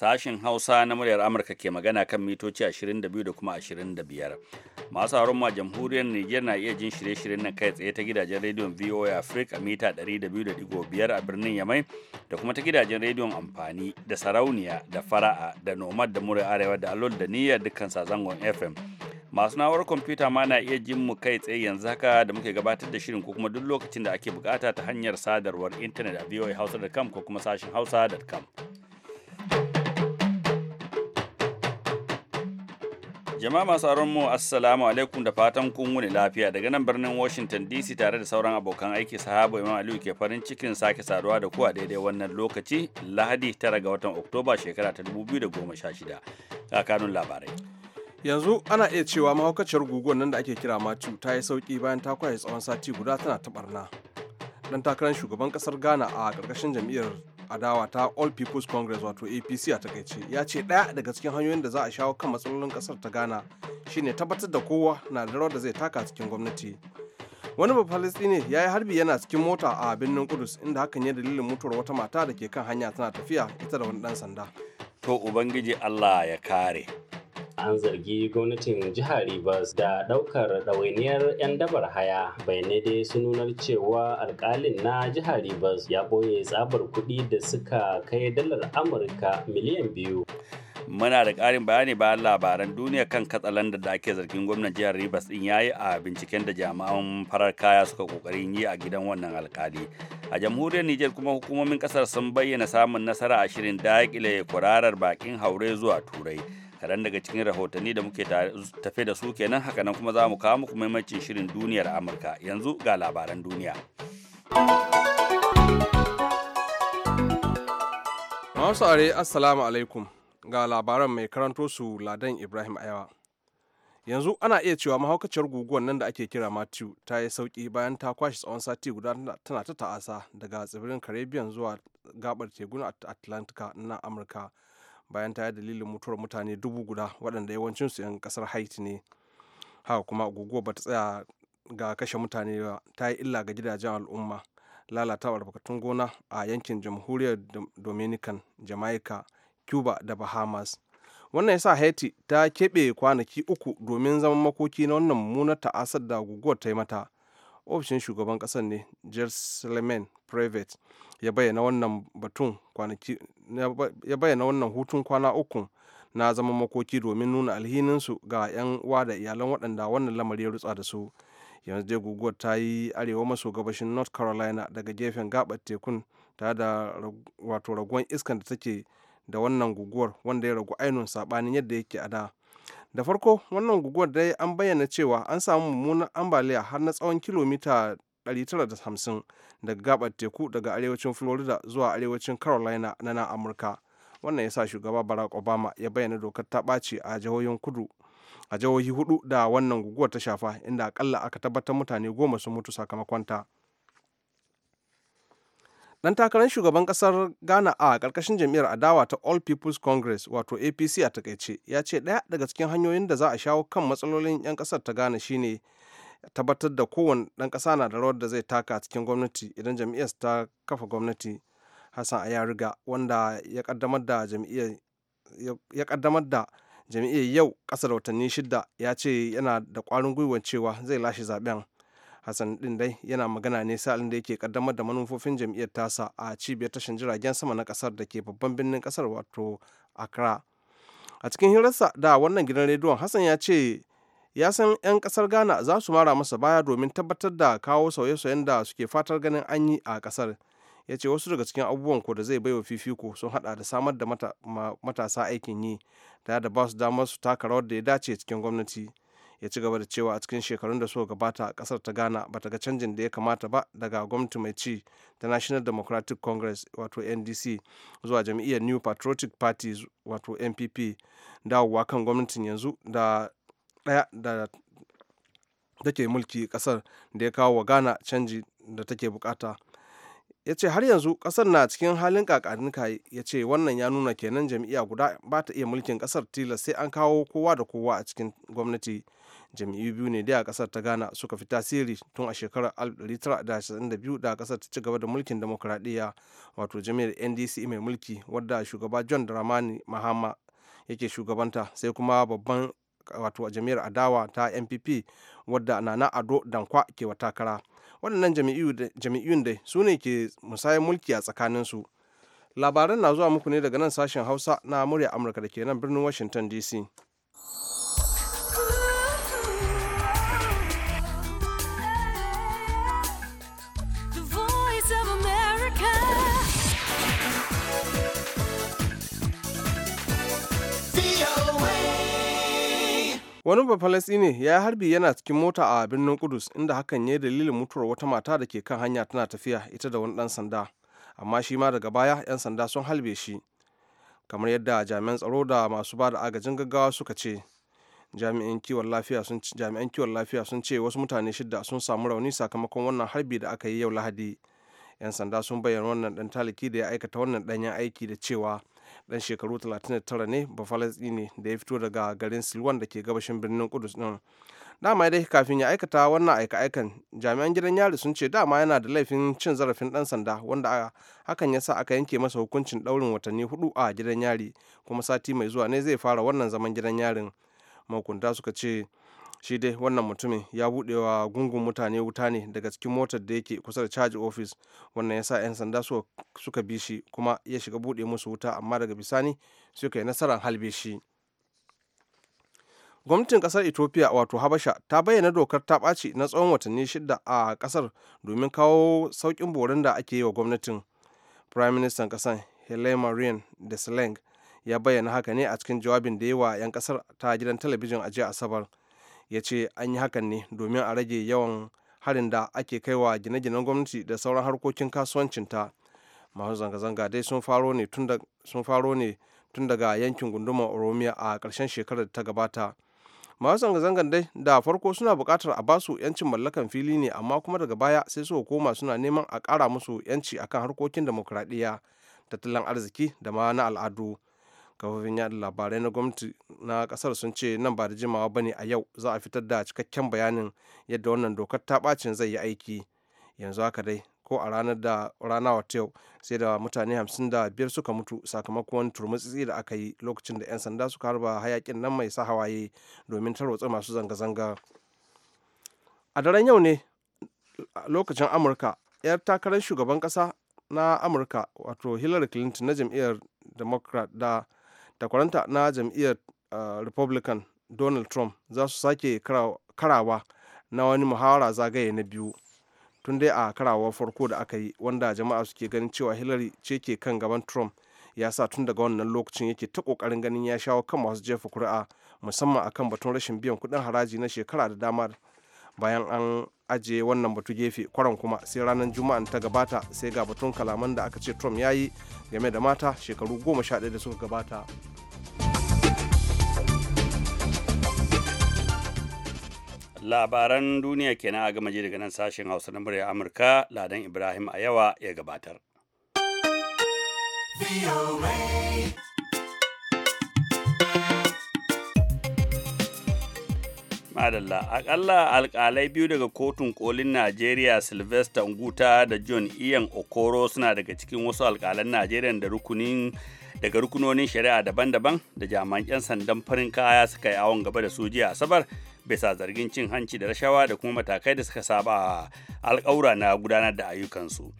Sashen Hausa na muryar Amurka ke magana kan mitoci 22 da kuma 25. Masu haron ma jamhuriyar Nijar na iya jin shirye-shiryen nan kai tsaye ta gidajen rediyon VOA Africa a mita 200.5 a birnin Yamai da kuma ta gidajen rediyon amfani da sarauniya da fara'a da nomad da muryar arewa da alol da niyyar dukkan sazangon FM. masu na'urar kwamfuta ma na iya jin mu kai tsaye yanzu haka da muke gabatar da shirin ko kuma duk lokacin da ake bukata ta hanyar sadarwar intanet a voahausa.com ko kuma sashen hausa.com. Jama'a masu aron mu assalamu alaikum da fatan kun wuni lafiya daga nan birnin Washington DC tare da sauran abokan aiki sahabo Imam Aliyu ke farin cikin sake saduwa da ku a daidai wannan lokaci Lahadi 9 ga watan Oktoba shekara ta 2016. Kakanun labarai. Yanzu ana iya cewa mahaukaciyar guguwar nan da ake kira matu ta yi sauki bayan ta kwaye tsawon sati guda tana ta barna. Dan takarar shugaban ƙasar Ghana a ƙarƙashin jam'iyyar adawa ta all people's congress wato apc a takaice ya ce ɗaya daga cikin hanyoyin da za a shawo kan matsalolin ƙasar ta ghana shine tabbatar da kowa na da rawar da zai taka cikin gwamnati wani bafalistini ya yi harbi yana cikin mota a birnin kudus inda hakan ya dalilin mutuwar wata mata da ke kan hanya tana tafiya ita da wani dan sanda to ubangiji allah ya kare an zargi gwamnatin jihar Rivers da ɗaukar ɗawainiyar 'yan dabar haya bayanai dai su nunar cewa alkalin na jihar Rivers ya ɓoye tsabar kuɗi da suka kai dalar Amurka miliyan biyu. Muna da ƙarin bayani bayan labaran duniya kan katsalan da ake zargin gwamnan jihar Rivers ɗin yayi a binciken da jami'an farar kaya suka ƙoƙarin yi a gidan wannan alkali. a jamhuriyar Nijar kuma hukumomin ƙasar sun bayyana samun nasara a shirin daƙile kurarar bakin haure zuwa turai kaɗan daga cikin rahotanni da muke tafe da su kenan nan kuma za mu kawo muku maimacin shirin duniyar amurka yanzu ga labaran duniya masu are assalamu alaikum ga labaran mai karanto su ladan ibrahim ayawa yanzu ana iya cewa mahaukaciyar guguwar nan da ake kira matthew ta yi sauki bayan ta kwashe tsawon sati guda tana ta ta'asa daga tsibirin caribbean zuwa gabar tegun atlantika na amurka bayan ta yi dalilin mutuwar mutane dubu guda waɗanda yawancinsu 'yan kasar haiti ne haka kuma guguwa bata tsaya ga kashe mutane ba ta yi illa ga gidajen al'umma lalatawar albarkatun gona a yankin jamhuriyar dominican jamaica cuba da bahamas wannan yasa haiti ta keɓe kwanaki uku domin zaman makoki na wannan mummunar ta'asar da guguwar ta yi mata ofishin shugaban ƙasar ne jersemen private ya bayyana wannan batun ya bayyana wannan hutun kwana uku na zama makoki domin nuna alhininsu ga 'yan uwa da iyalan waɗanda wannan lamari ya rutsa da su yanzu dai guguwar ta yi arewa maso gabashin north carolina daga gefen gabar tekun tare da wato raguwan iskan da take da wannan guguwar wanda ya ragu ainihin sabanin yadda yake a da da farko wannan guguwar dai an bayyana cewa an samu mummunan ambaliya har na tsawon kilomita tara da hamsin daga gabar teku daga arewacin florida zuwa arewacin carolina na nan amurka wannan ya sa shugaba barack obama ya bayyana dokar ta ɓaci a jihohin kudu a jihohi hudu da wannan guguwar ta shafa inda akalla aka tabbatar mutane goma sun mutu sakamakon ta dan takarar shugaban kasar ghana a karkashin jam'iyyar adawa ta all people's congress wato apc a takaice ya ce ɗaya daga cikin hanyoyin da za a shawo kan matsalolin 'yan ƙasar ta ghana shine tabbatar da kowane dan kasa na da rawar da zai taka a cikin gwamnati idan jam'iyyar ta kafa gwamnati hassan ayariga wanda ya kaddamar da jam'iyyar yau ƙasa da watanni shida ya ce yana da ƙwarin gwiwar cewa zai lashe zaben hassan din dai yana magana ne sa'alin da yake kaddamar da manufofin jam'iyyar tasa a cibiyar tashin jiragen sama na kasar da ke babban birnin kasar wato accra a cikin hirarsa da wannan gidan rediyon hassan ya ce ya san 'yan kasar ghana za su mara masa baya domin tabbatar da kawo sauye-sauyen da suke fatar ganin an yi a kasar ya ce wasu daga cikin abubuwan ko da zai baiwa fifiko sun hada da samar da matasa aikin yi da da ba su damar su taka rawar da ya dace cikin gwamnati ya ci gaba da cewa a cikin shekarun da suka gabata kasar ta ghana bata ga canjin da ya kamata ba daga gwamnati mai ci ta national democratic congress wato ndc zuwa jam'iyyar new patriotic party wato npp dawowa kan gwamnatin yanzu da ɗaya da take mulki ƙasar da ya kawo wa ghana canji da take bukata ya ce har yanzu ƙasar na cikin halin kakanika ya ce wannan ya nuna kenan jam'iyya guda ba ta iya mulkin ƙasar tilas sai an kawo kowa da kowa a cikin gwamnati jam'iyyu biyu ne da a ƙasar ta ghana suka fi tasiri tun a shekarar 1992 da ƙasar ta ci gaba da mulkin demokuraɗiyya wato jami'ar ndc mai mulki wadda shugaba john dramani mahama yake shugabanta sai kuma babban wato jami'ar adawa ta npp wadda nana ado dankwa ke wa takara waɗannan jami'iyun dai su ne ke musayar mulki a su labaran na zuwa muku ne daga nan sashen hausa na murya amurka da ke nan birnin washington dc wani ne ya harbi yana cikin mota a birnin kudus inda hakan ya yi dalilin mutuwar wata mata da ke kan hanya tana tafiya ita da wani dan sanda amma shi ma daga baya 'yan sanda sun halbe shi kamar yadda jami'an tsaro da masu ba da agajin gaggawa suka ce jami'an kiwon lafiya sun ce wasu mutane shidda sun samu rauni sakamakon wannan harbi da aka yi yau lahadi 'yan sanda sun bayyana wannan dan taliki da ya aikata wannan danyen aiki da cewa dan shekaru 39 ne ne da ya fito daga garin silwan da ke gabashin birnin kudus din dama dai kafin ya aikata wannan aika-aikan jami'an gidan yari sun ce dama yana da laifin cin zarafin dan sanda wanda hakan ya sa aka yanke masa hukuncin daurin watanni hudu a gidan yari kuma sati mai zuwa ne zai fara wannan zaman gidan yarin mahukunta suka ce shi dai wannan mutumin ya wa gungun mutane wuta ne daga cikin motar da yake kusa da caji office wannan ya sa 'yan sanda suka bi shi kuma ya shiga buɗe musu wuta amma daga bisani suka yi nasarar halbe shi gwamnatin kasar ethiopia wato habasha ta bayyana dokar ta ɓaci na tsawon watanni shida a kasar domin kawo sauƙin borin da ake yi wa gwamnatin prime minister kasar helen de desalegn ya bayyana haka ne a cikin jawabin da yi wa 'yan kasar ta gidan talabijin a jiya asabar ya ce an yi hakan ne domin a rage yawan harin da ake kaiwa gine-ginen gwamnati da sauran harkokin kasuwancinta masu zanga-zanga dai sun faro ne tun daga yankin gundumar oromia a ƙarshen shekarar da ta gabata masu zanga-zangar dai da farko suna buƙatar a basu yancin mallakan fili ne amma kuma daga baya sai suka koma suna neman a ƙara musu yanci akan harkokin demokuraɗiyya tattalin arziki da ma na al'adu kafofin yada labarai na gwamnati na kasar sun ce nan ba da jimawa ba ne a yau za a fitar da cikakken bayanin yadda wannan dokar ta bacin zai yi aiki yanzu haka dai ko a ranar da rana wata yau sai da mutane hamsin da biyar suka mutu sakamakon turmutsi da aka yi lokacin da 'yan sanda suka harba hayakin nan mai sa hawaye domin tarwatsa masu zanga-zanga a daren yau ne lokacin amurka 'yar takarar shugaban kasa na amurka wato hillary clinton na jam'iyyar democrat da takwaranta na jam'iyyar republican donald trump za su sake karawa na wani muhawara zagaye na biyu tun dai a karawar farko da aka yi wanda jama'a suke ganin cewa hillary ce ke kan gaban trump ya sa tun daga wannan lokacin yake ta kokarin ganin ya shawo kan masu jefa kuri'a musamman akan batun rashin biyan kuɗin haraji na shekara da dama bayan an ajiye wannan batu gefe kwaran kuma sai ranar juma'an ta gabata sai ga batun kalaman da aka ce trump ya yi game da mata shekaru goma sha da suka gabata labaran duniya kenan a gama ji daga nan sashen hausa na murya amurka ladan ibrahim a yawa ya gabatar. Madalla, akalla alkalai biyu daga kotun kolin Najeriya Sylvester Nguta da John Ian Okoro suna daga cikin wasu alkalan Najeriya da rukunin daga rukunonin shari'a daban-daban da jami'an 'yan sandan farin kaya suka yi awon gaba da su jiya Asabar bisa zargin cin hanci da rashawa da kuma matakai da suka saba alƙawura na gudanar da ayyukansu.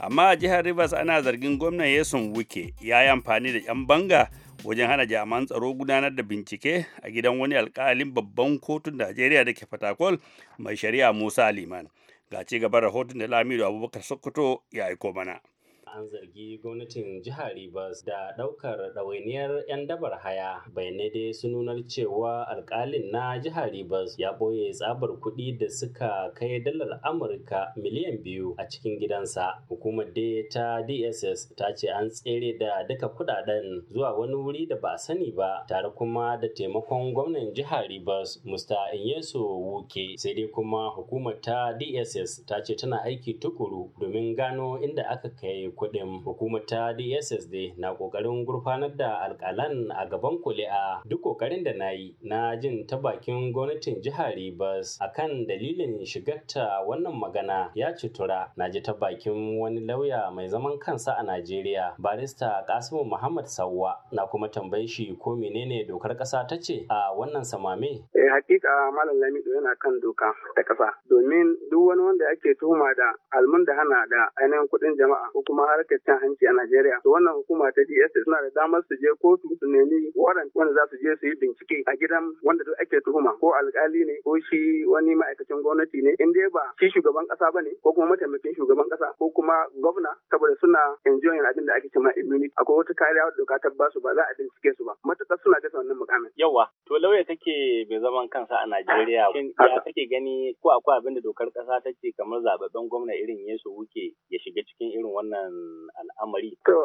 Amma a jihar Rivers ana zargin gwamnan Yesun wuke ya yi amfani da 'yan banga wajen hana jami'an tsaro gudanar da bincike a gidan wani alkalin babban kotun najeriya da ke fatakol mai shari'a musa liman ga ci gaban rahoton da lamido abubakar sokoto ya aiko mana An zargi gwamnatin jihar Rivers da ɗaukar ɗawainiyar 'yan dabar haya. Bayanai dai su nunar cewa alkalin na jihar Rivers ya ɓoye tsabar kuɗi da suka kai dalar Amurka miliyan biyu a cikin gidansa. Hukumar dai ta DSS ta ce an tsere da duka kuɗaɗen zuwa wani wuri da ba a sani ba tare kuma da taimakon gwamnan jihar Rivers Musta inyesu Wuke. Sai dai kuma hukumar ta DSS ta ce tana aiki tukuru domin gano inda aka kai Kudin hukumar ta dss dai na kokarin gurfanar da alkalan a gaban kuli'a duk ƙoƙarin da na yi na jin ta bakin gwamnatin jihar ribas akan dalilin shigarta wannan magana ya cutura na ji ta bakin wani lauya mai zaman kansa a najeriya barista kasimu muhammad Sawwa na kuma tambayi shi ko menene dokar kasa ta ce a wannan samame eh hakika malam lamido yana kan doka ta ƙasa domin duk wani wanda ake tuhuma da almun da hana da ainihin kuɗin jama'a ko kuma harkar cin hanci a Najeriya. To wannan hukuma ta DSS suna da damar su je kotu su nemi warrant wanda za su je su yi bincike a gidan wanda duk ake tuhuma ko alkali ne ko shi wani ma'aikacin gwamnati ne in dai ba shi shugaban kasa bane ko kuma mataimakin shugaban kasa ko kuma gwamna saboda suna enjoying abin da ake cewa immunity akwai wata kariya wadda doka ta basu ba za a bincike su ba matakar suna da wannan mukamin. Yawa to lauya take bai zaman kansa a Najeriya ah. ya take gani ko akwai abin da dokar kasa ta ke kamar zababben gwamna irin Yesu Wuke ya shiga cikin irin wannan al'amari. To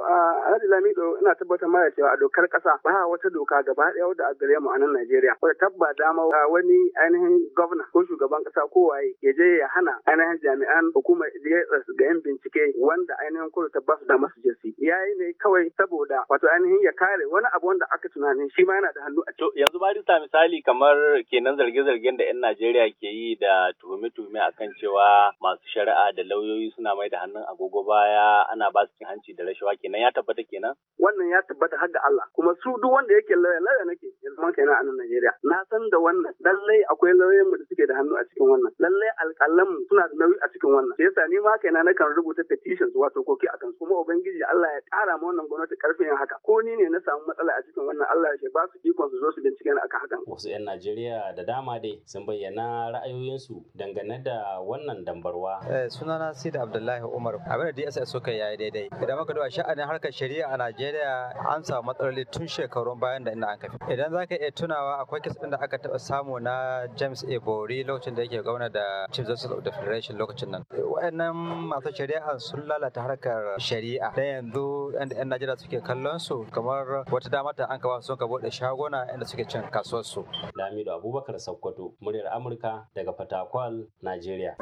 Alhaji Lamido ina tabbatar mara cewa a dokar kasa ba wata doka gaba ɗaya wadda a gare mu a nan Najeriya wata tabba dama wani ainihin gwamna ko shugaban kasa ko waye ya je ya hana ainihin jami'an hukumar DSS ga yin bincike wanda ainihin kuma ta su da masu jinsi. Ya yi ne kawai saboda wato ainihin ya kare wani abu wanda aka tunanin shi ma yana da hannu a ciki. Yanzu barista misali kamar kenan zarge-zargen da 'yan Najeriya ke yi da tuhume-tuhume akan cewa masu shari'a da lauyoyi suna mai da hannun agogo baya ana ana ba su cin hanci da rashawa kenan ya tabbata kenan wannan ya tabbata har ga Allah kuma su duk wanda yake lauya lauya nake yanzu man kenan a nan Najeriya na san da wannan lallai akwai lauyoyin mu da suke da hannu a cikin wannan lallai alƙalan mu suna da nauyi a cikin wannan sai yasa ni ma kaina na kan rubuta petitions wato koki akan kuma ubangiji Allah ya ƙara ma wannan gwamnati karfin yin haka ko ni ne na samu matsala a cikin wannan Allah ya ba su ikon su zo su bincike akan hakan wasu 'yan Najeriya da dama dai sun bayyana ra'ayoyinsu dangane da wannan dambarwa eh, sunana Sidi Abdullahi Umar abin da DSS suka yi ya daidai idan muka duba sha'anin harkar shari'a a Najeriya an samu matsaloli tun shekarun bayan da ina an kafi idan zaka iya tunawa akwai kes din da aka taba samu na James Ebori lokacin da yake gwamna da Chief Justice of the Federation lokacin nan wayannan masu shari'a sun lalata harkar shari'a da yanzu yan yan Najeriya suke kallon su kamar wata dama ta an kawo sun ka bude shaguna inda suke cin kasuwar su Lamido Abubakar Sokoto muryar Amurka daga Fatakwal Najeriya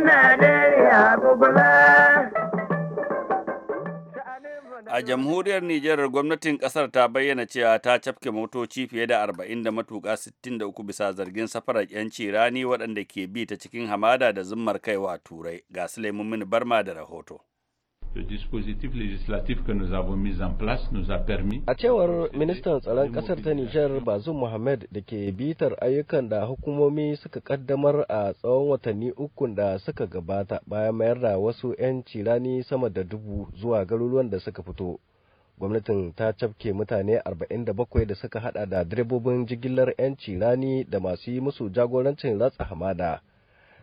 Najeriya. A jamhuriyar Nijar gwamnatin kasar ta bayyana cewa ta cafke motoci fiye da 40 da matuƙa 63 bisa zargin safarar 'yanci rani waɗanda ke bi ta cikin hamada da zummar kaiwa turai ga Sulaimun Barma da rahoto. Le dispositif législatif que nous avons mis en place nous a permis. A cewar ministan tsaron kasar ta Nijar Bazoum Mohamed da ke bitar ayyukan da hukumomi suka kaddamar a tsawon watanni uku da suka gabata bayan mayar da wasu 'yan cirani sama da dubu zuwa garuruwan da suka fito. Gwamnatin ta cafke mutane 47 da suka hada da direbobin jigilar 'yan cirani da masu yi musu jagorancin ratsa hamada.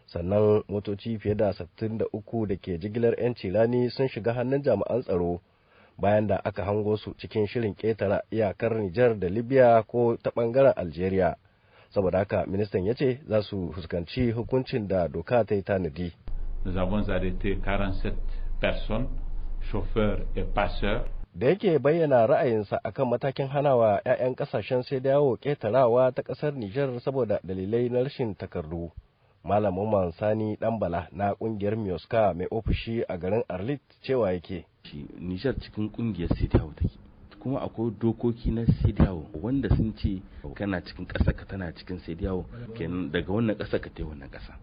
sannan motoci fiye da 63 da ke jigilar 'yanci cilani sun shiga hannun jami'an tsaro bayan da aka hango su cikin shirin ƙetara iyakar Nijar da Libya ko ta ɓangaren Algeria. Saboda haka ministan ya ce za su fuskanci hukuncin da doka ta yi tanadi. Da yake bayyana ra'ayinsa akan matakin hanawa 'ya'yan kasashen sai da yawo ƙetarawa ta ƙasar Nijar saboda dalilai na rashin takardu. malamin mansani bala na kungiyar mioska mai ofishi a garin arlit cewa yake nijar cikin kungiyar sidiyawo take kuma akwai dokoki na sidiyawo wanda sun ce kana cikin ƙasa ka tana cikin sidiyawo kenan daga wannan ƙasa ka tai wannan ƙasa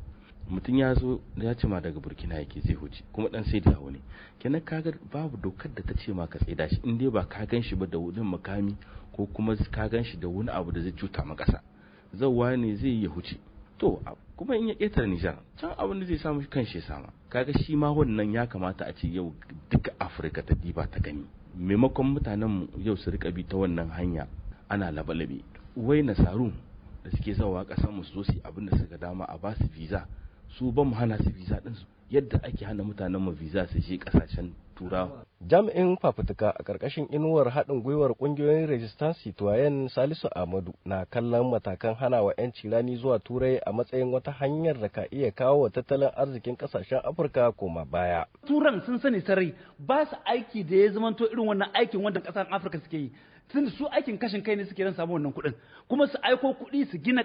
mutum ya zo ya ce ma daga burkina yake zai huce kuma dan sai ne kenan kaga babu dokar da ta ce ma ka tsaida shi in dai ba ka gan shi ba da wani makami ko kuma ka gan shi da wani abu da zai cuta ma kasa zauwa ne zai ya huce to kuma in ya ƙetare Nijar can abin da zai samu kan shi sama kaga shi ma wannan ya kamata a ce yau duka Afirka ta diba ta gani maimakon mutanen mu yau su rika bi ta wannan hanya ana labalabe wai nasaru da suke zawa ƙasar mu su zo su abin da suka dama a ba su visa su ba mu hana su visa ɗinsu yadda ake hana mutanen mu visa su je ƙasashen turawa jami'in fafutuka a ƙarƙashin inuwar haɗin gwiwar ƙungiyoyin resistance citoyen salisu amadu na kallon matakan hana wa 'yanci rani zuwa turai a matsayin wata hanyar da ka iya kawo wa tattalin arzikin ƙasashen afirka koma baya turan sun sani sarai ba su aiki da ya zamanto irin wannan aikin wanda ƙasar afirka suke yi sun su aikin kashin kai ne suke ran samu wannan kuɗin kuma su aiko kuɗi su gina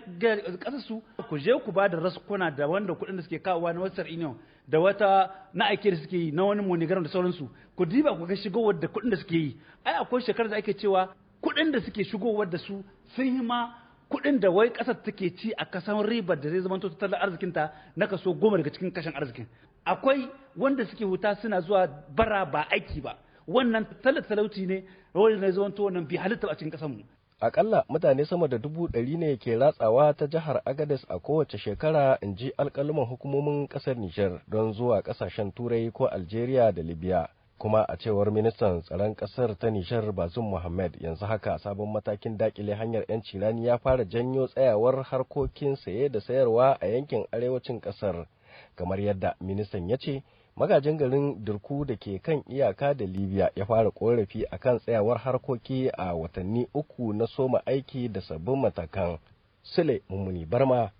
ƙasar su ku je ku ba da raskuna da wanda kuɗin da suke kawowa na wasar union da wata na aike da suke yi na wani monigaram da sauransu ku diba ku ga shigowar da kuɗin da suke yi ai akwai shekarar da ake cewa kuɗin da suke shigowar da su sun yi ma kuɗin da wai ƙasar take ci a kasan riba da zai zama tattalin arzikinta na kaso goma daga cikin kashin arzikin akwai wanda suke huta suna zuwa bara ba aiki ba wannan talauci ne rawar wannan bi halitta a cikin kasanmu akalla mutane sama da dubu ɗari ne ke ratsawa ta jihar agades a kowace shekara in ji alkaluman hukumomin ƙasar nijar don zuwa ƙasashen turai ko algeria da libya kuma a cewar ministan tsaron ƙasar ta nishar bazum muhammad yanzu haka sabon matakin dakile hanyar yanci rani ya fara janyo tsayawar harkokin saye da sayarwa a yankin arewacin ƙasar kamar yadda ministan ya ce magajin garin dirku da ke kan iyaka da libya ya fara korafi a kan tsayawar harkoki a watanni uku na soma aiki da sabbin matakan sule mummuni barma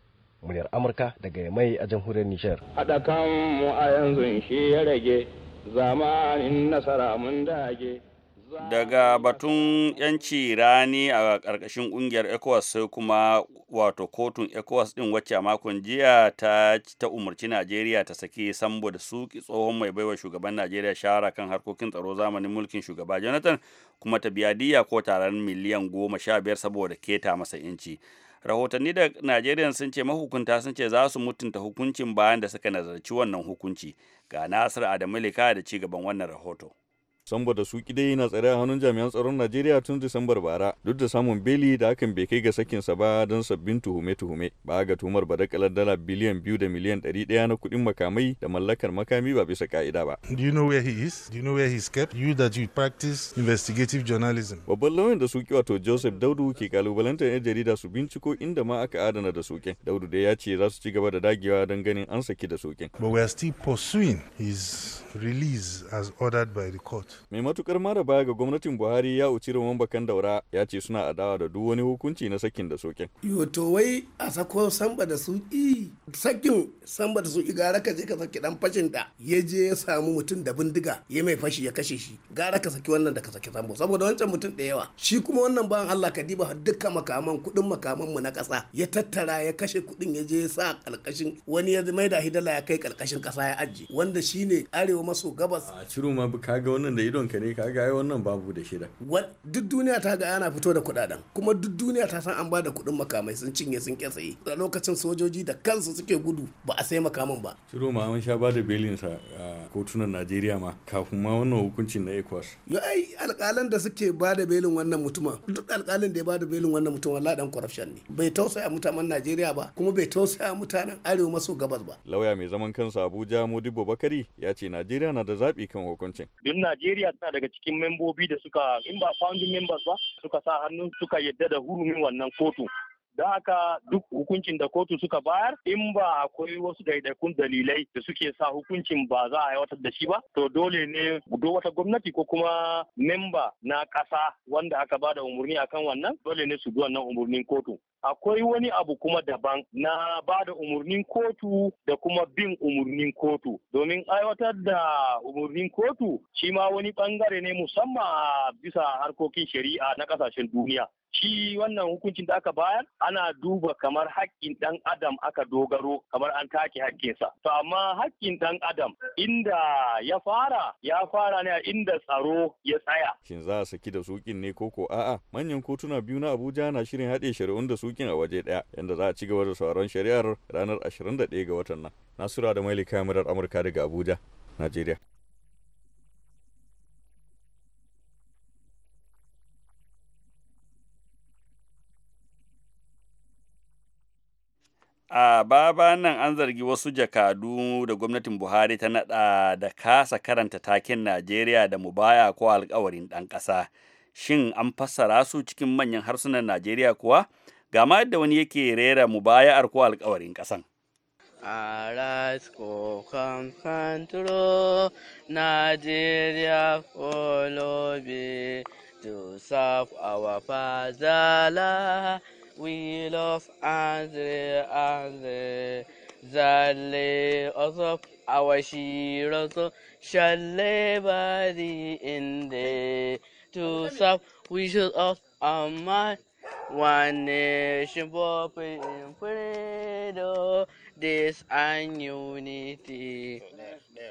muryar amurka daga mai a jamhuriyar nishar haɗa mu a yanzu shi ya rage zamanin nasara mun dage daga batun yanci rani a ƙarƙashin ƙungiyar ecowas sai kuma wato kotun ecowas ɗin wacce a makon jiya ta, ta umarci najeriya ta saki sambo da suki tsohon mai baiwa shugaban najeriya shara kan harkokin tsaro zamanin mulkin shugaba jonathan kuma ta biya diya ko taron miliyan goma sha biyar saboda keta masa yanci rahotanni da najeriya sun ce mahukunta sun ce za su mutunta hukuncin bayan da suka nazarci wannan hukunci ga nasir adamu lika da cigaban wannan rahoto Samba da suki dai yana tsare a hannun jami'an tsaron Najeriya tun Disambar bara duk da samun beli da hakan bai kai ga sakin sa ba don sabbin tuhume-tuhume. Ba ga tuhumar badakalar dala biliyan biyu da miliyan ɗari ɗaya na kuɗin makamai da mallakar makami ba bisa ka'ida ba. Do you know where he is? Do you know where he's kept? You that you practice investigative journalism. Babban lauyan da suki wato Joseph Daudu ke kalubalantar 'yan jarida su binciko inda ma aka adana da sokin. Daudu dai ya ce za su ci gaba da dagewa don ganin an saki da sokin. But we are still pursuing his release as ordered by the court. mai matukar mara baya ga gwamnatin buhari ya uci ruwan bakan daura ya ce suna adawa da duk wani hukunci na sakin da sokin to wai a sako samba da su sakin samba da su gara ka je ka saki dan fashin da ya je ya samu mutum da bindiga ya mai fashi ya kashe shi gara ka saki wannan da ka saki sambo saboda wancan mutum da yawa shi kuma wannan bayan Allah ka diba dukkan makaman kudin makaman mu na kasa ya tattara ya kashe kudin ya je ya sa kalkashin wani ya mai da hidala ya kai kalkashin kasa ya ajiye wanda shine arewa maso gabas a ciro ma ka ga wannan da idon ka ne ka ga wannan babu da shida duk duniya ta ga ana fito da kudaden kuma duk duniya ta san an ba da kudin makamai sun cinye sun kyasaye a lokacin sojoji da kansu suke gudu ba a sai makaman ba shiru ma an sha ba da belin sa a kotunan Najeriya ma kafin ma wannan hukuncin na ECOWAS yo ai alƙalan da suke ba da belin wannan mutuma duk alƙalin da ya ba da belin wannan mutumin wallahi dan corruption ne bai tausaya mutanen Najeriya ba kuma bai tausaya mutanen Arewa maso gabas ba lauya mai zaman kansa Abuja Modibo Bakari ya ce Najeriya na da zabi kan hukuncin duk Najeriya Najeriya tana daga cikin membobi da suka in ba founding members ba suka sa hannu suka yadda da hurumin wannan kotu Don haka duk hukuncin da kotu suka bayar in ba akwai wasu daidaikun dalilai da suke sa hukuncin ba za a aiwatar da shi ba to dole ne duk wata gwamnati ko kuma memba na ƙasa wanda aka ba da umarni akan wannan dole ne su bi wannan umarnin kotu. Akwai wani abu kuma daban na ba da umarnin kotu da kuma bin umarnin kotu domin aiwatar da umarnin kotu shi ma wani bangare ne musamman a bisa harkokin shari'a na kasashen duniya shi wannan hukuncin da aka bayar ana duba kamar haƙƙin ɗan adam aka dogaro kamar an take haƙƙinsa to amma haƙƙin ɗan adam inda ya fara ya fara ne a inda tsaro ya tsaya shin za a saki da sukin ne koko a'a manyan kotuna biyu na Abuja na shirin haɗe shari'un da sukin a waje ɗaya yanda za a ci gaba da sauran shari'ar ranar 21 ga watan nan Nasura da Maili kamarar Amurka daga Abuja Najeriya a baba nan an zargi wasu jakadu da gwamnatin buhari ta nada da kasa karanta taken najeriya da mubaya ko alkawarin ɗan ƙasa shin an fassara su cikin manyan harsunan najeriya kuwa gama yadda wani yake rera mubaya'ar ko alkawarin ƙasan Arise, go, come, control, Najeriya to awa we love and and zalle azab awashiratu shalle in the to serve we should of our one nation popping in freedom this and unity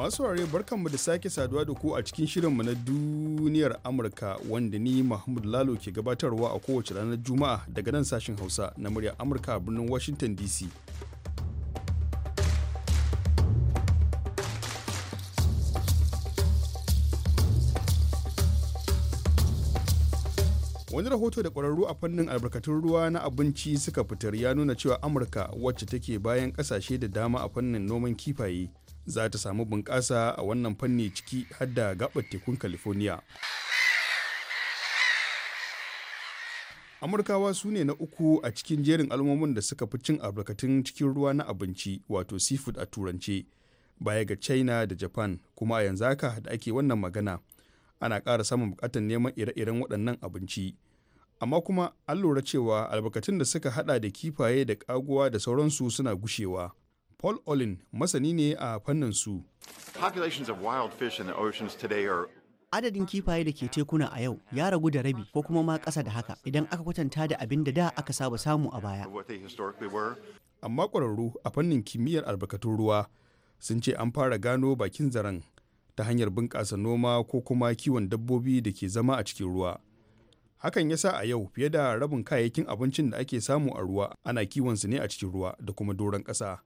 masu ware barkanmu da sake saduwa da ku a cikin shirinmu na duniyar Amurka wanda ni Mahmud Lalo ke gabatarwa a kowace ranar Juma'a daga nan sashen Hausa na murya Amurka a birnin Washington DC. wani rahoto da kwararru a fannin albarkatun ruwa na abinci suka fitar ya nuna cewa amurka wacce take bayan kasashe da dama a fannin noman kifaye za ta samu bunƙasa a wannan fanni ciki har da gabar tekun california amurkawa su ne na uku a cikin jerin al'ummomin da suka fi cin albarkatun cikin ruwa na abinci wato seafood a turance baya ga china da japan kuma a yanzu haka da ake wannan magana ana ƙara samun buƙatar neman ire-iren waɗannan abinci amma kuma an lura cewa albarkatun da suka hada da kifaye da kaguwa da sauransu suna gushewa Paul Olin masani ne a fannin su. Adadin kifaye da ke tekuna a yau ya ragu da rabi ko kuma ma ƙasa da haka idan aka kwatanta da abin da da aka saba samu a baya. Amma ƙwararru a fannin kimiyyar albarkatun ruwa sun ce an fara gano bakin zaren ta hanyar bunƙasa noma ko kuma kiwon dabbobi da ke zama a cikin ruwa. hakan ya sa a yau fiye da rabin kayayyakin abincin da ake samu a ruwa ana kiwon su ne a cikin ruwa da kuma doron ƙasa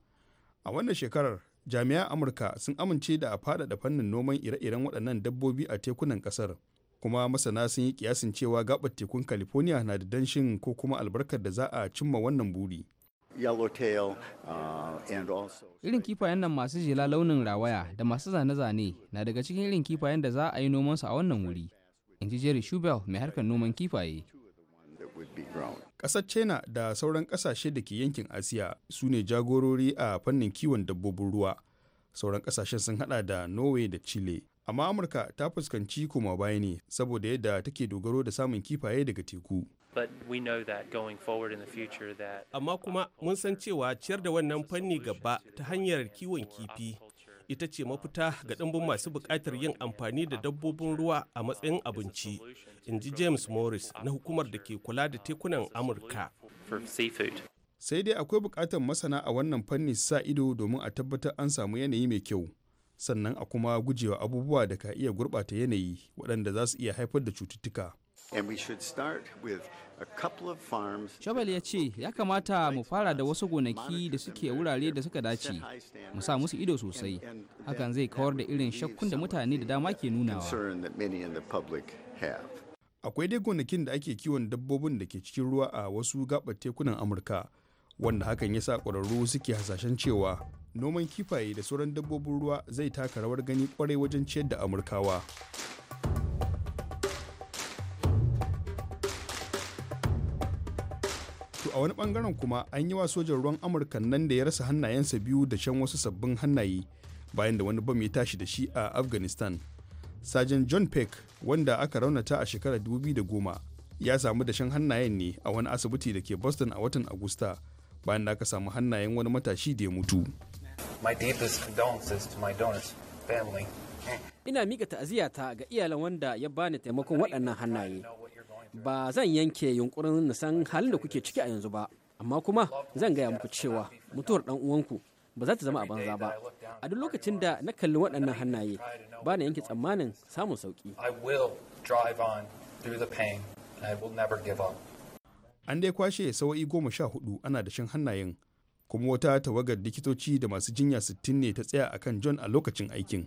a wannan shekarar jami'an amurka sun amince da a faɗaɗa fannin noman ire-iren waɗannan dabbobi a tekunan ƙasar kuma masana sun yi kiyasin cewa gaɓar tekun california na da danshin ko kuma albarkar da za a cimma wannan buri uh, irin kifayen nan masu jela launin rawaya da masu zane-zane na daga cikin irin kifayen da za a yi nomansu a wannan wuri in ji jerry shubel mai harkar noman kifaye Ƙasar China da sauran ƙasashe da ke yankin Asiya su ne jagorori a fannin kiwon dabbobin ruwa. Sauran ƙasashen sun hada da Norway da Chile. Amma Amurka ta fuskanci koma baya ne saboda yadda take dogaro da samun kifaye daga teku. Amma kuma mun san cewa ciyar da wannan fanni gaba ta hanyar kiwon kifi ita ce mafita ga ɗumbin masu buƙatar yin amfani da dabbobin ruwa a matsayin abinci in ji James Morris na hukumar da ke kula da tekunan Amurka. Sai dai akwai bukatar masana a wannan fanni sa ido domin a tabbatar an samu yanayi mai kyau, sannan a kuma gujewa abubuwa da ka iya gurɓata yanayi waɗanda za su iya haifar da cututtuka. Shabal ya ce ya kamata mu fara da wasu gonaki da suke wurare da suka dace, mu sa musu ido sosai, uh, hakan zai kawar da irin shakkun da mutane da dama ke nunawa. akwai dai gonakin da ake kiwon dabbobin da ke cikin ruwa a wasu gaɓar tekunan amurka wanda hakan ya sa kwararru suke hasashen cewa noman kifaye da sauran dabbobin ruwa zai taka rawar gani kwarai wajen ciyar da amurkawa to a wani bangaren kuma an yi wa sojan ruwan amurka nan da ya rasa hannayensa biyu da shan wasu sabbin hannaye bayan da wani bam ya tashi da shi a afghanistan sajan john peck wanda aka raunata a shekarar 2010 ya samu dashen hannayen ne a wani asibiti da ke boston a watan agusta bayan da aka samu hannayen wani matashi da ya mutu ina mika ta'aziyata ga iyalan wanda ya bani taimakon waɗannan hannaye ba zan yanke yunkurin na san halin da kuke ciki a yanzu ba amma kuma zan gaya muku cewa mutuwar ɗan uwanku ba za ta zama a banza ba a duk lokacin da na kalli waɗannan hannaye ba na yanke tsammanin samun sauƙi an dai kwashe sawa'i goma sha hudu ana da shin hannayen kuma wata tawagar likitoci da masu jinya sittin ne ta tsaya a kan john a lokacin aikin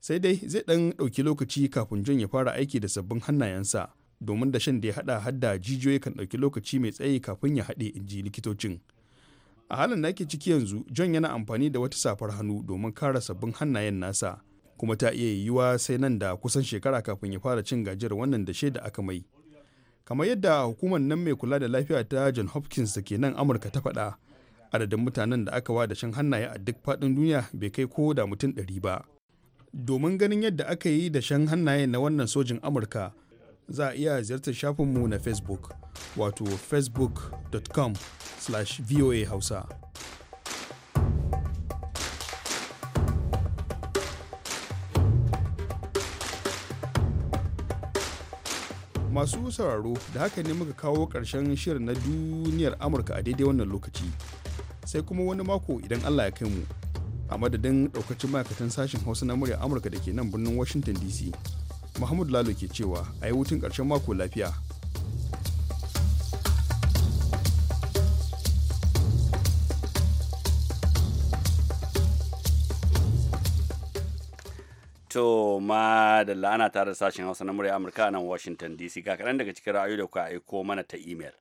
sai dai zai ɗan ɗauki lokaci kafin john ya fara aiki da sabbin hannayensa domin da shan da ya hada hadda jijiyoyi kan ɗauki lokaci mai tsayi kafin ya haɗe in ji likitocin a halin da ake ciki yanzu john yana amfani da wata safar hannu domin kara sabbin hannayen nasa kuma ta iya yiwuwa sai nan da kusan shekara kafin ya fara cin gajiyar wannan dashe da aka mai kamar yadda hukumar nan mai kula da lafiya ta john hopkins da ke nan amurka ta faɗa adadin mutanen da aka wa dashen hannaye a duk faɗin duniya bai kai ko da mutum ɗari ba domin ganin yadda aka yi da shan hannaye na wannan sojin amurka za a iya ziyartar shafinmu na facebook wato facebook.com slash voa hausa masu sauraro da haka ne muka kawo ƙarshen shirin na duniyar amurka a daidai wannan lokaci sai kuma wani mako idan allah ya kai mu a madadin ɗaukacin ma'aikatan sashen hausa na murya amurka da ke nan birnin washington dc Mahmud Lalo ke cewa a yi hutun ƙarshen mako lafiya. To ma da la'ana tare da sashen Hausa na murya Amurka nan Washington DC ga kaɗan daga cikin ra'ayoyi da kuka aiko mana ta imel.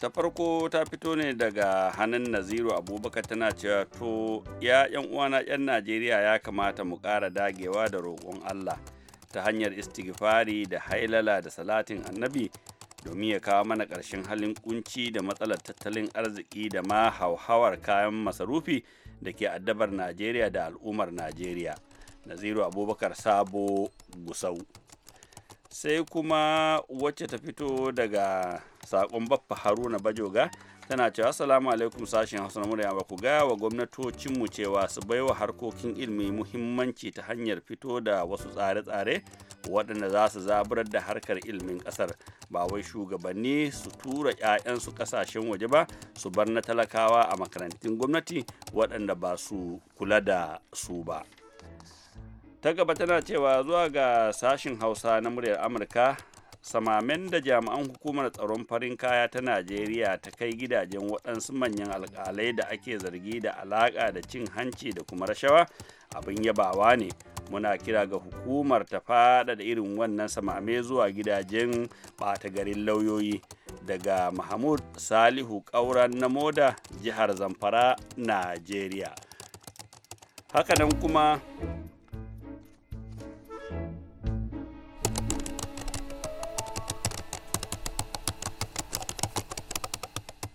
ta farko ta fito ne daga hannun naziru abubakar tana cewa to ya yan uwana yan najeriya ya kamata mu ƙara dagewa da roƙon allah ta hanyar istighfari da hailala da salatin annabi domin ya kawo mana ƙarshen halin kunci da matsalar tattalin arziki da ma hauhawar kayan masarufi da ke addabar najeriya da al'ummar najeriya naziru abubakar sabo gusau sai kuma wacce ta fito daga sakon baffa haruna bajoga tana cewa salamu alaikum sashen hausa na murya ba ku gaya wa gwamnatocinmu cewa su bai wa harkokin ilimi muhimmanci ta hanyar fito da wasu tsare-tsare waɗanda za su zaburar da harkar ilmin ƙasar ba wai shugabanni su tura 'ya'yansu ƙasashen waje ba su bar na talakawa a makarantun gwamnati waɗanda ba su kula da su ba ta gaba tana cewa zuwa ga sashen hausa na muryar amurka samamen da jami'an hukumar tsaron farin kaya ta najeriya ta kai gidajen waɗansu manyan alƙalai da ake zargi da alaƙa da cin hanci da kuma rashawa abin yabawa ne muna kira ga hukumar ta fada da irin wannan samame zuwa gidajen ɓata garin lauyoyi daga mahmud salihu ƙauran na moda jihar zamfara najeriya hakanan kuma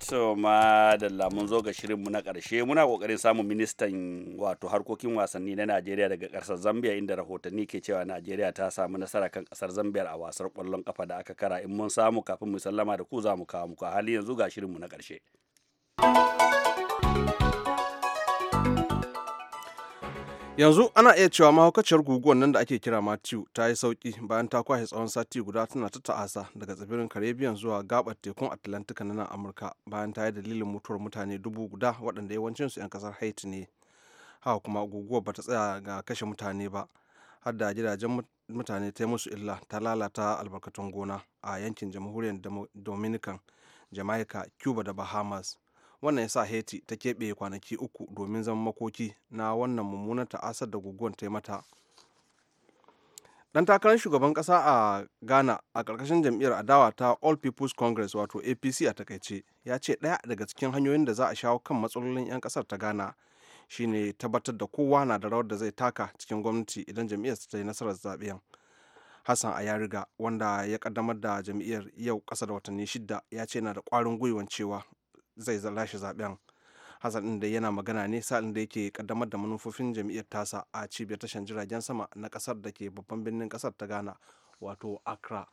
so da lamun zo ga shirinmu na karshe muna kokarin samun ministan wato harkokin wasanni na najeriya daga ƙasar zambia inda rahotanni ke cewa najeriya ta samu nasara kan ƙasar zambia a wasar kwallon kafa da aka kara in mun samu kafin mu sallama da ku za mu kawo muku a hali yanzu ga shirinmu na ƙarshe. yanzu ana iya cewa mahaukaciyar guguwar nan da ake kira matthew ta yi sauki bayan ta kwashe tsawon sati guda tana ta ta'asa daga tsibirin caribbean zuwa gabar tekun atlantika na nan amurka bayan ta yi dalilin mutuwar mutane dubu guda waɗanda yawancin su 'yan kasar haiti ne haka kuma guguwar ba ta tsaya ga kashe mutane ba har da gidajen mutane ta yi musu illa ta lalata albarkatun gona a yankin jamhuriyar dominican jamaica cuba da bahamas wannan ya sa haiti ta keɓe kwanaki uku domin zama makoki na wannan mummunar ta'asar da guguwar ta mata dan takarar shugaban kasa a ghana a ƙarƙashin jam'iyyar adawa ta all people's congress wato apc a takaice ya ce ɗaya daga cikin hanyoyin da za a shawo kan matsalolin 'yan ƙasar ta ghana shine tabbatar da kowa na da rawar da zai taka cikin gwamnati idan jam'iyyar ta yi nasarar zaɓen hassan a ayariga wanda ya ƙaddamar da jam'iyyar yau ƙasa da watanni shida ya ce na da ƙwarin gwiwan cewa zai lashe zaɓen hassan in da yana magana ne sa'in da yake kaddamar da manufofin jam'iyyar tasa a cibiyar tashar jiragen sama na kasar da ke babban birnin kasar ta ghana wato accra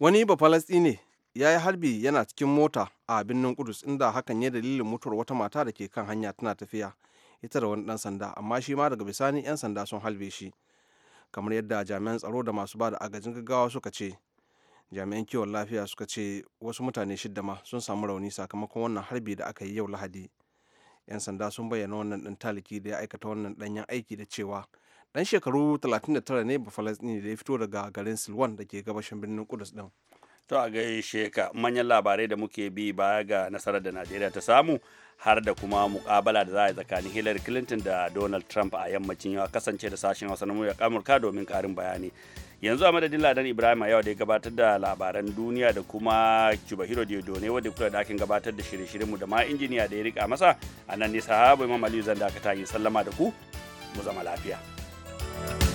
wani ba bafalastine ya yi harbi yana cikin mota a birnin kudus inda hakan ya dalilin mutuwar wata mata da ke kan hanya tana tafiya ita da wani dan sanda amma shi ma daga bisani 'yan sanda sun halbe shi kamar yadda jami'an tsaro da masu ba da agajin gaggawa suka ce jami'an kiwon lafiya suka ce wasu mutane shidda ma sun samu rauni sakamakon wannan harbi da aka yi yau lahadi yan sanda sun bayyana wannan dan taliki da ya aikata wannan danyen aiki da cewa dan shekaru 39 ne bafalastin da ya fito daga garin silwan da ke gabashin birnin kudus ɗin. to a gaishe ka manyan labarai da muke bi baya ga nasarar da najeriya ta samu har da kuma mukabala da za a yi tsakanin hillary clinton da donald trump a yammacin yau kasance da sashen hausa na amurka domin karin bayani yanzu a madadin ladan ibrahim yau da ya gabatar da labaran duniya da kuma jubahiro diodone wadda kula da akin gabatar da shirye-shiryenmu da ma injiniya da ya rika masa a nan nisa sahabu imam aliyu zan dakata yin sallama da ku mu zama lafiya. thank you